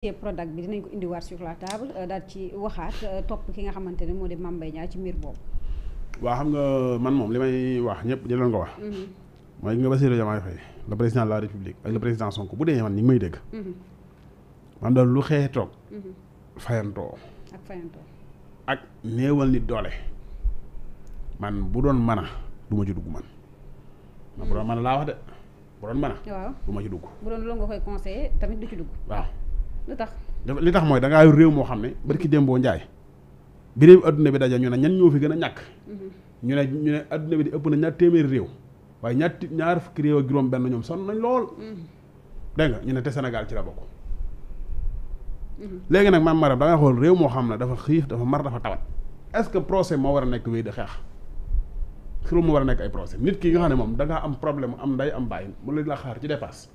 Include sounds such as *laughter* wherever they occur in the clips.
Prodac bi dinañ ko indiwaat sur la table euh, daal ci waxaat euh, topp ki nga xamante ne moo di Mame Mbaye Niang ci mbir boobu. waa xam nga man moom li may wax ñëpp di leen ko wax. Mm-hmm. mooy nga Bassirou Diomaye Faye le président la République ak le président Sonko bu dee man ni ngi may dégg. Mm-hmm. maanaam daal lu xeex toog. Mm-hmm. fayantoo. ak fayantoo. ak néewal nit doole man bu doon mën a ma ci dugg man. man bu doon mën a laa wax de bu doon mën a. ma ci dugg. bu doon loolu nga koy conseillé tamit du ci dugg. lu tax li tax mooy da ngaa réew moo xam ne barki démboo njaay bi réew bi daje ñu ne ñan ñoo fi gën a ñàkk mm-hmm. ñu ne ñu ne àdduna bi di ëpp na ñaar téeméeri réew waaye ñaar ñaar fukki réew ak juróom benn ñoom sonn nañ lool mm-hmm. dégg nga ñu ne te Sénégal ci la bokk mm-hmm. léegi nag maam maram da ngay xool réew moo xam ne dafa xiif dafa mar dafa tawat est-ce que procès moo war a nekk wéy di xeex xirul mu war a nekk ay procès nit ki nga xam ne moom da ngaa am problème am nday am bàyyi mu la xaar ci dépasse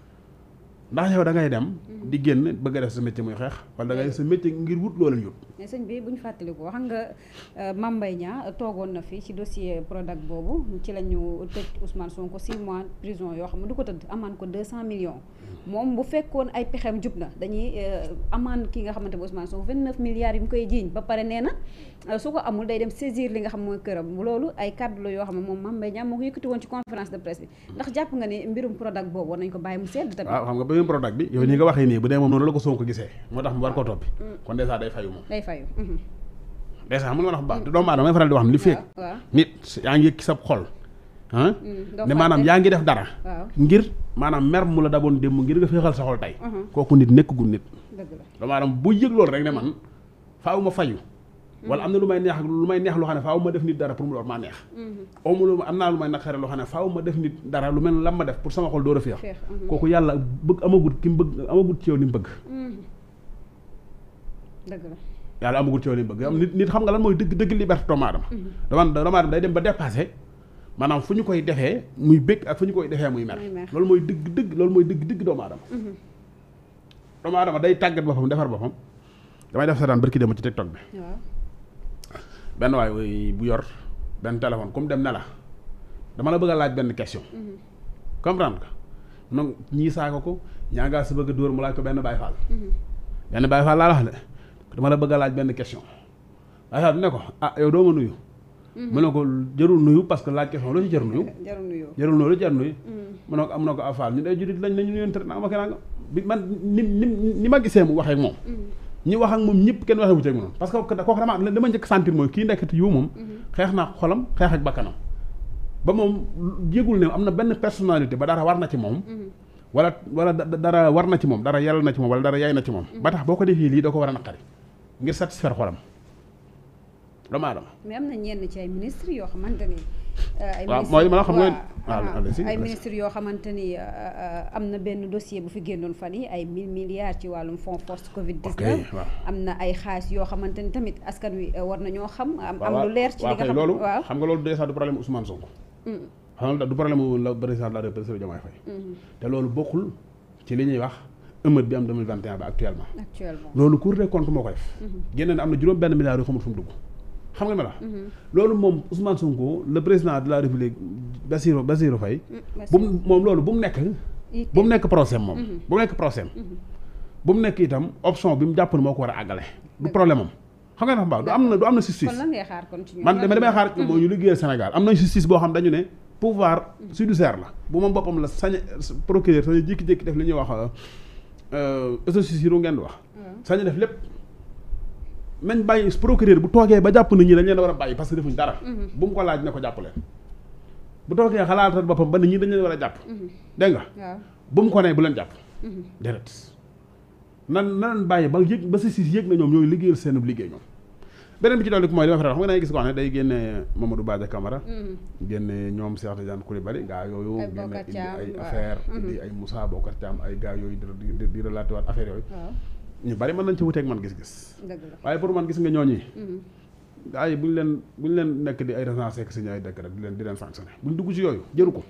ndax yow da ngay dem. Mm-hmm. di génn bëgg a def sa métier muy xeex wala da def sa métier ngir wut loola ñu. mais bi bu ñu fàttaliku wax nga euh, Mame Mbaye Niang toogoon na fi ci dossier Prodac boobu ci la ñu tëj Ousmane Sonko 6 mois prison yoo xam ne du ko tëdd amaan ko 200 mm-hmm. moom bu fekkoon ay pexeem jub na dañuy euh, amaan ki nga xamante ne Ousmane Sonko 29 milliards yu mu koy jiiñ ba pare nee na euh, su ko amul day dem saisir li nga xam mooy këram loolu ay kàddu premier product bi yow ni nga waxee nii bu dee moom noonu la ko Sonko gisee moo tax mu war koo toppi mm. kon dèjà day fayu moom day fayu mm-hmm. dèjà xam nga wax bu baax mm. doomu aadama may faral di wax li feeg nit yaa ngi yëg sa xol ah mm, ne maanaam yaa ngi def dara ngir maanaam mer mu la daboon démb ngir nga féexal sa xol tey mm-hmm. kooku nit nekkagul nit doomu aadama bu yëg loolu rek ne man faaw ma fayu wala am na lu may neex lu may neex loo xam ne faaw ma def nit dara pour mu door maa neex mm-hmm. awma ma am naa lu may naqare loo xam ne faaw ma def nit dara lu mel lan ma def pour sama xol door a mm-hmm. kooku yàlla bëgg amagut ki mu bëgg ci yow li mu bëgg mm-hmm. dëgg la yàlla amagut ci yow bëgg am nit nit xam nga lan mooy dëgg dëgg liberté doomu aadama doomu aadama day dem ba dépassé maanaam fu ñu koy defee muy bëgg ak fu ñu koy defee muy mer loolu mooy dëgg dëgg loolu mooy dëgg dëgg doomu aadama doomu aadama day tàggat boppam defar boppam damay def seetaan barki dem ci TikTok bi benn waay bu yor benn téléphone comme dem na la dama la bëgg laaj benn question. Mm-hmm. comprendre nga donc ñii saako ko ñaa ngaa si bëgg a dóor mu laaj ko benn baay Fall. Mm-hmm. benn Baye Fall laa wax de dama la bëgg laaj benn question Baye Fall ne ko ah yow doo ma nuyu. Mm-hmm. mu ne ko jarul nuyu parce que laaj question loo ci jarul nuyu. *laughs* jarul nuyu jarul nuyu jarul nuyu. mu ne ko am na ko Fall ñu day jurit lañ ne ñu nuyonte naa ma ko naa bi man ni ni ni ma gisee mu waxee moom. ñi wax ak moom ñëpp kenn waxee wu ceeg moom parce que kooku dama dama njëkk sentir mooy kii nekk yiw moom xeex naa xolam xeex ak bakkanam ba moom yëgul ne am na benn personnalité ba dara war na ci moom wala wala dara war na ci moom dara yàlla na ci moom wala dara yaay na ci moom ba tax boo ko defee lii da ko war a naqari ngir satisfaire xolam doomu aadama mais am na ñenn ci ay ministre yoo xamante ne Euh, waaw mooy ma xam nga waaw ay ministre yoo xamante ni euh, euh, am na benn dossier bu fi génnoon fan yi ay mille milliards ci wàllum fonds force Covid 19. am na ay xaalis yoo xamante ni tamit askan wi war na ñoo xam. am lu leer ci li xam loolu xam nga loolu déjà du problème Ousmane Sonko. xam nga du problème mu la président de la République Diomaye Faye. te loolu bokkul ci li ñuy wax ëmmët bi am 2021 ba actuellement. actuellement loolu Cour des comptes moo ko def. Mm-hmm. génne na am na juróom benn milliard yoo xamul fu mu xam nga ma la mhm. loolu moom Ousmane Sonko le président de la République Bassirou Bassirou Faye mm, bu mu moom loolu bu mu nekk mhm. bu mu nekk procès moom bu mu nekk procès bu mu nekk itam option bi mu jàpp ne moo ko war a àggale du problème am xam nga ne baax du am na du am na justice kon xaar kon ci ñoom man damay xaar moo ñu liggéeyal Sénégal am na justice boo xam dañu ne pouvoir mhm. judiciaire la bu ma boppam la sañ procureur sañ jékki-jékki def li ñuy wax association euh, ngeen wax sañ def lépp nañ bàyyi procureur bu toogee ba jàpp na ñi dañ leen war a bàyyi parce que defuñ dara. Mhm. bu mu ko laaj ne ko jàpp leen. bu toogee xalaatal boppam ba ne ñi dañ leen war a jàpp. Mhm. dégg nga. bu mu ko nee bu leen jàpp. Mhm. déedéet nan nan bàyyi ba yëg ba si si yëg na ñoom ñooy liggéeyal seen liggéey ñoom. beneen bi ci dolli mooy li ma faral xam nga da gis ko wax ne day génne Mamadou Badja Camara. génne ñoom Cheikh Tidiane Coulibaly gaa yooyu. ay génne indi ay affaire indi ay Moussa ay gaa yooyu di di di relaté ñu bari mën nañ ci wuteek man gis-gis. waaye pour man gis nga ñooñi. Mm-hmm. gars yi bu ñu leen bu ñu leen nekk di ay recenser ak signé ay décret di leen di leen sanctionné bu ñu dugg ci yooyu jëru ko.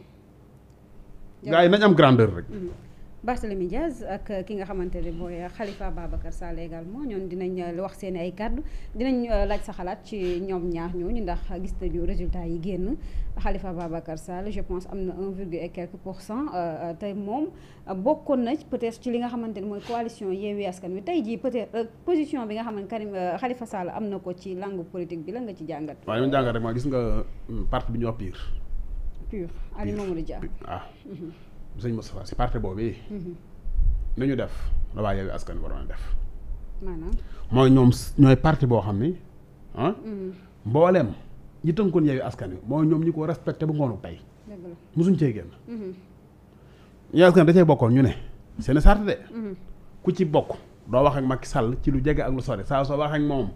gars yi nañ am grandeur rek. Mm-hmm. Barthélémy Diaz ak eh, ki nga xamante ne mooy eh, Khalifa Babacar Sall également ñoon dinañ eh, wax seen ay kàddu dinañ laaj sa xalaat ci ñoom ñaar ñooñu ndax gis nañu résultat yi génn Khalifa Babacar Sall je pense am na un virgule et quelques pour cent tey bokkoon na peut-être ci li nga xamante ne mooy coalition Yewwi Askan Wi tey jii peut-être position bi nga xam ne Karim Khalifa a na ko ci langue politique bi la nga ci jàngat. waaw li ma nga hmm, parti bi ñu sëñ Moustapha si parti boobu yi. Mm-hmm. ñu def la waa Yewwi Askan Wi waroon a def. mooy ñoom ñooy parti boo xam ni ah. Mm-hmm. mbooleem ñi kon Yewwi Askan Wi mooy ñoom ñu ko respecté bu ngoonu tey. dëgg la mosuñ cee génn. Mm-hmm. Yewwi Askan Wi da cee bokkoon ñu ne. seen sart de. ku ci bokk doo wax mag Macky ci lu jege ak lu sore saa soo wax ak moom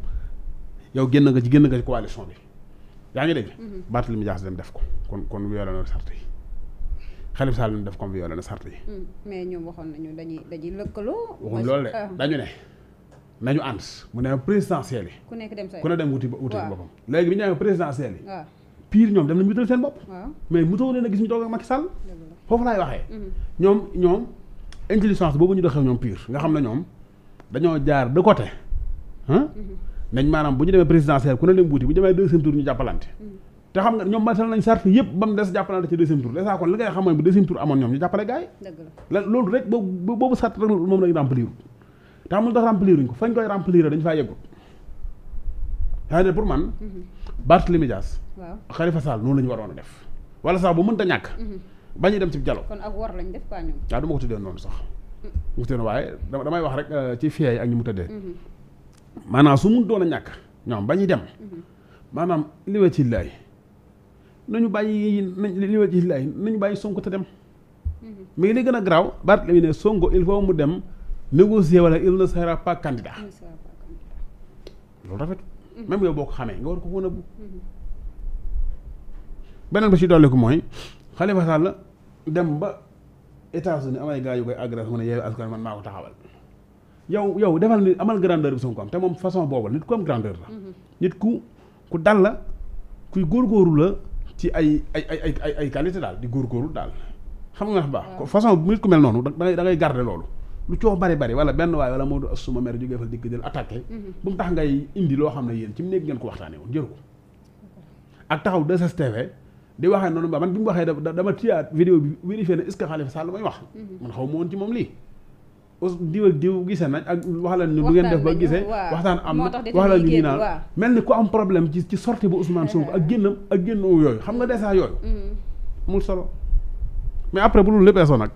yow génn nga ci génn nga ci coalition bi yaa ngi de dégg. Barthélemy Dias dem def ko kon kon wéyal na sart yi. Xalifa Sall daf ko violé na sart yi. Hmm, mais ñoom waxoon nañu dañuy dañuy lëkkaloo. waxuñ loolu de dañu ne nañu ànd mu ne présidentiel yi. ku nekk dem sa ku ne dem wuti wuti boppam. léegi bi ñu demee présidentiel yi. waaw pire ñoom dem nañu seen bopp. mais mu taw leen a gis foofu laay waxee. Hmm. ñoom ñoom intelligence boobu ñu doxee ñoom pire nga xam ne ñoom dañoo jaar de côté. Hmm. nañ maanaam bu ñu demee présidentiel ku ne dem wuti bu ñu demee deuxième tour ñu jàppalante. te xam nga ñoom matal nañ sart yëpp ba mu des jàppalante ci deuxième tour dèjà li ngay xam bu deuxième tour amoon ñoom ñu jàppale gars la loolu rek boobu boobu sart rek moom lañ remplir te xam nga ko fañ koy remplir dañ faa yeggut pour man mhm. Barthélémy Dias Khalifa Sall noonu la ñu waroon a def wala sax bu mënta ñàkk mhm. ba dem ci dialogue kon ak war lañ def quoi ñoom waaw ah, sax mm. mu tuddee waaye damay wax rek euh, ci fiye ak ñu mu tëddee mhm. maanaam su mun doon a ñàkk ñoom ba ñuy dem maanaam liwe ci laay nañu bàyyi nañ li nañu bàyyi Sonko te dem mu mhm. ngi li gën a garaaw Barthélemy ne Sonko il faut mu dem négocier wala il ne sera pas candidat loolu rafet même yow boo ko xamee nga war ko mën a bu mhm. beneen ba ci dolli ko mooy Khalifa Sall dem ba États-Unis am ay gars koy agre mu ne yeewu askan man maa ko taxawal yow yow defal ni amal grandeur bi Sonko am te moom façon boobu nit ku am grandeur la mhm. nit ku ku dal la kuy góorgóorlu la ci ay ay ay ay ay qualité daal di góorgóorlu daal xam nga baax façon nit ku mel noonu da ngay da ngay garder loolu lu coow bari bari wala benn waay wala moo du as suma mère jógee fa dikk jël attaqué mhm. bu mu tax ngay indi loo xam ne yéen ci mu nekk ngeen ko waxtaanee woon jëru ko ak taxaw 2STV di waxee noonu ba man bi mu waxee dama tiyaat vidéo bi vérifié na est-ce que saa Sall may wax mhm. man xaw ma woon ci moom lii diw ak diw gisee nañ ak wax leen ni du ngeen def ba gisee waxtaan am na wax leen ñu ñu naan mel ni ku am problème ci sorti sortie bu Ousmane ah, Sonko ak ah, ah. génnam ak génn yooyu xam nga mm. dèjà yooyu mm. amul solo mais après bu dul léppee so nag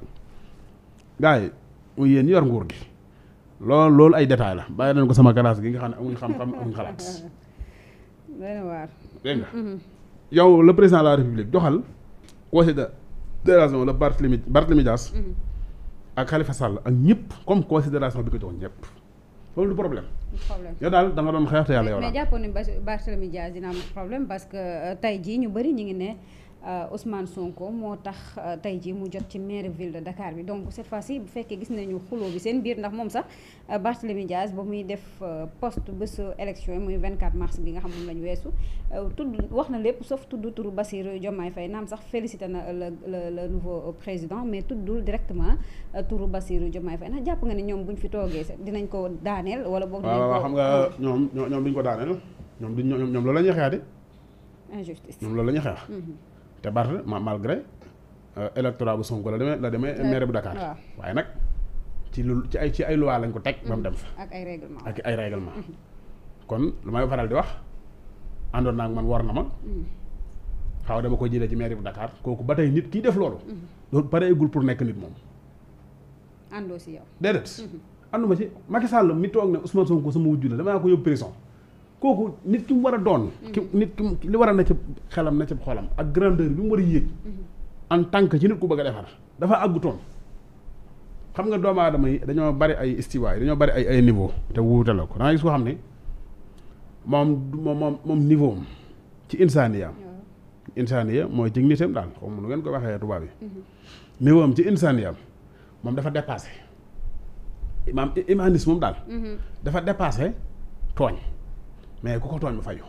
gars yi muy yor nguur gi loolu loolu ay détails la bàyyi nañ ko sama classe gi nga xam ne amuñ xam-xam amuñ xalaat *laughs* mm-hmm. yow le président la république joxal conseil de délégation la Barthélemy Barthélemy Dias mm-hmm. ak Khalifa Sall ak ñëpp comme considération bi ko joxoon ñëpp loolu du problème. problème yow daal da nga doon xeex te yàlla yow. mais jàppoon ni Barthélemy Dias dina am problème parce que euh, tey jii ñu bëri ñu ngi ne. Euh, Ousmane Sonko moo tax euh, tey ji mu jot ci maire ville de Dakar bi donc cette fois-ci bu fekkee gis nañu xuloo bi seen biir ndax moom sax euh, Barthélémy Dias ba muy def post bés élection yi muy 24 mars bi nga xam moom la weesu tudd wax na lépp sauf tudd turu Bassirou Diomaye Faye naam sax félicité na le le nouveau président mais tuddul directement turu Bassirou Diomaye Faye ndax jàpp nga ne ñoom buñ fi toogee dinañ ko daaneel wala boog waaw xam nga ñoom ñoom duñ ko daaneel ñoom loolu la ñuy ñoom loolu la ñuy te ma malgré euh, électorat bu Sonko la demee la demee maire bu Dakar waaye nag ci lu ci ay ci ay loi lañ ko teg ba mu mhm. dem fa ak ay règlement ak ay mhm. kon lu may faral di wax àndoon naa ak man war na ma xaw mhm. dama ko jëlee ci maire bu Dakar kooku ba tey nit kiy def loolu loolu pareegul pour nekk nit moom àndoo si yow déedéet ànduma ci Macky Sall mi toog ne suma Sonko sama wujju la damaa ko yóbbu prison kooku nit ki mu war a doon. ki mm-hmm. nit ki li war a na ci xelam na ci xolam ak grandeur bi mu war a yéeg. Mm-hmm. en tant que ci nit ku bëgg a defar dafa àggutoon xam nga doomu aadama yi dañoo bari ay istiwaay dañoo bari ay ay niveau te wuute ko da ngay gis ko xam ne moom moom moom niveau am ci insaaniya insaaniya mooy ci nitam daal ngeen ko waxee tubaab yi. Mm-hmm. niveau am ci insaaniya moom dafa dépassé. imaam imanisme moom daal. dafa dépassé tooñ. mais ku ko tooñ mu fayu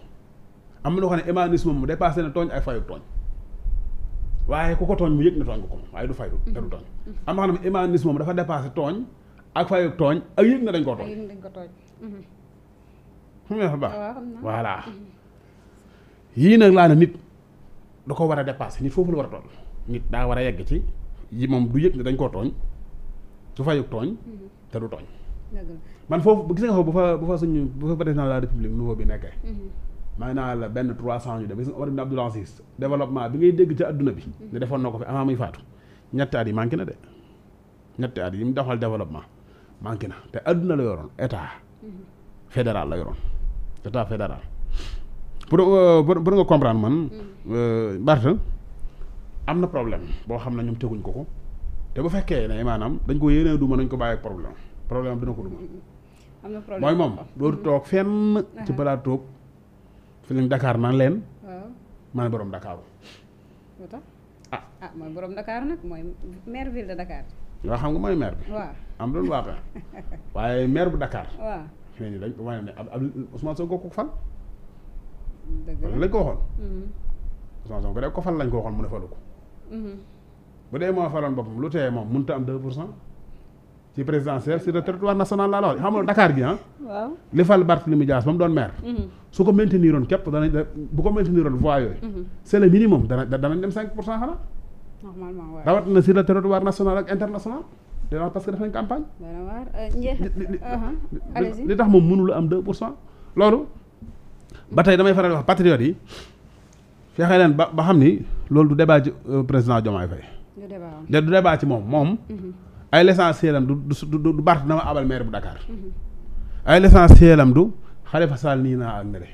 am na loo xam ne moom mu dépassé na tooñ ay fayu tooñ waaye ku ko tooñ mu yëg na tooñ ko ko waaye du fayu te du tooñ mm-hmm. Mm-hmm. am na xam ne humanisme mu ak fayu tooñ ak yëg na dañ koo tooñ fu mu ne mm-hmm. fa baax ah, voilà yii nag laa ne nit da ko war a dépassé nit foofu la war a toll nit daa war a yegg ci yi moom du yëg ne dañ koo tooñ du fayu tooñ te du tooñ man foofu gis nga foofu bu fa bu fa suñu bu fa président de la république nouveau bi nekkee. Mhm. may naa la benn trois cent de def gis nga Omar Ibn Abdoul Aziz développement bi ngay dégg ci adduna bi. Mhm. ne defoon na ko fi avant muy faatu ñetti at yi manqué na de ñetti at yi mu doxal développement manqué na te àdduna la yoroon état mhm. fédéral la yoroon état fédéral. pour euh, pour nga comprendre man. Euh, Barth am na problème boo xam ne ñoom teguñ ko ko te bu fekkee ne maanaam dañ ko yéenee du nañ ko bàyyi ak problème. problème dina ko duma am na problème mooy moom dootu toog fenn ci balaa toog fi leen Dakar naan leen maa ne borom ah. ah mooy borom Dakar nag mooy maire ville de Dakar yoo xam nga mooy maire bi am doon waaxee *laughs* waaye maire bu Dakar waaw fi ne nii dañ wane ne ab ab Ousmane ko fal dëgg lañ ko waxoon mhm. Ousmane Sonko rek ko fal lañ ko waxoon mu ne falu ko mhm. bu dee moo faloon boppam lu tee moom mënut a am deux pour cent ci présidentielle sur le territoire national laa la wax xam nga gi ah. li fal Barthélémy Dias ba mu doon maire. Mhm. su ko maintenir woon képp danañ bu ko maintenir woon voix yooyu. Mhm. c' est le minimum dana danañ dem 5 pour cent xanaa. normalement que def nañ campagne. Euh, li tax moom mënul am 2 pour cent. loolu ba tey damay faral wax patriotes yi fexe leen ba ba xam ni loolu du débat ci euh, président Diomaye Faye. du du débat ci moom moom. Mhm. ay l'essentiel am du du du Barth dama abal maire bu Dakar ay l'essentiel am du Khalifa Sall nii naa ak nele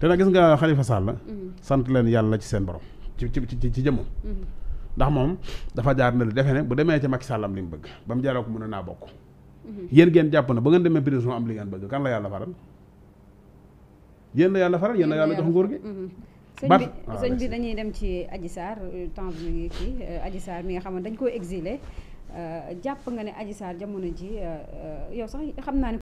te nag gis nga Khalifa Sall la mm-hmm. sant leen yàlla ci seen borom ci ci ci jëmmam mm-hmm. ndax moom dafa jaar na lu defe ne bu demee ci Macky Sall am li mu bëgg ba mu jaaroo ko mën naa bokk mm-hmm. yéen ngeen jàpp na ba ngeen demee prison am li ngeen bëgg kan la yàlla faral yéen la yàlla faral yéen la yàlla jox nguur gi bat sëñ bi dañuy dem ci Adji Sarr temps bi kii Adji mi nga xam ne dañ koo exilé Euh, jàpp nga ne Adji Sarr jamono ji euh, euh, yow sax xam naa ne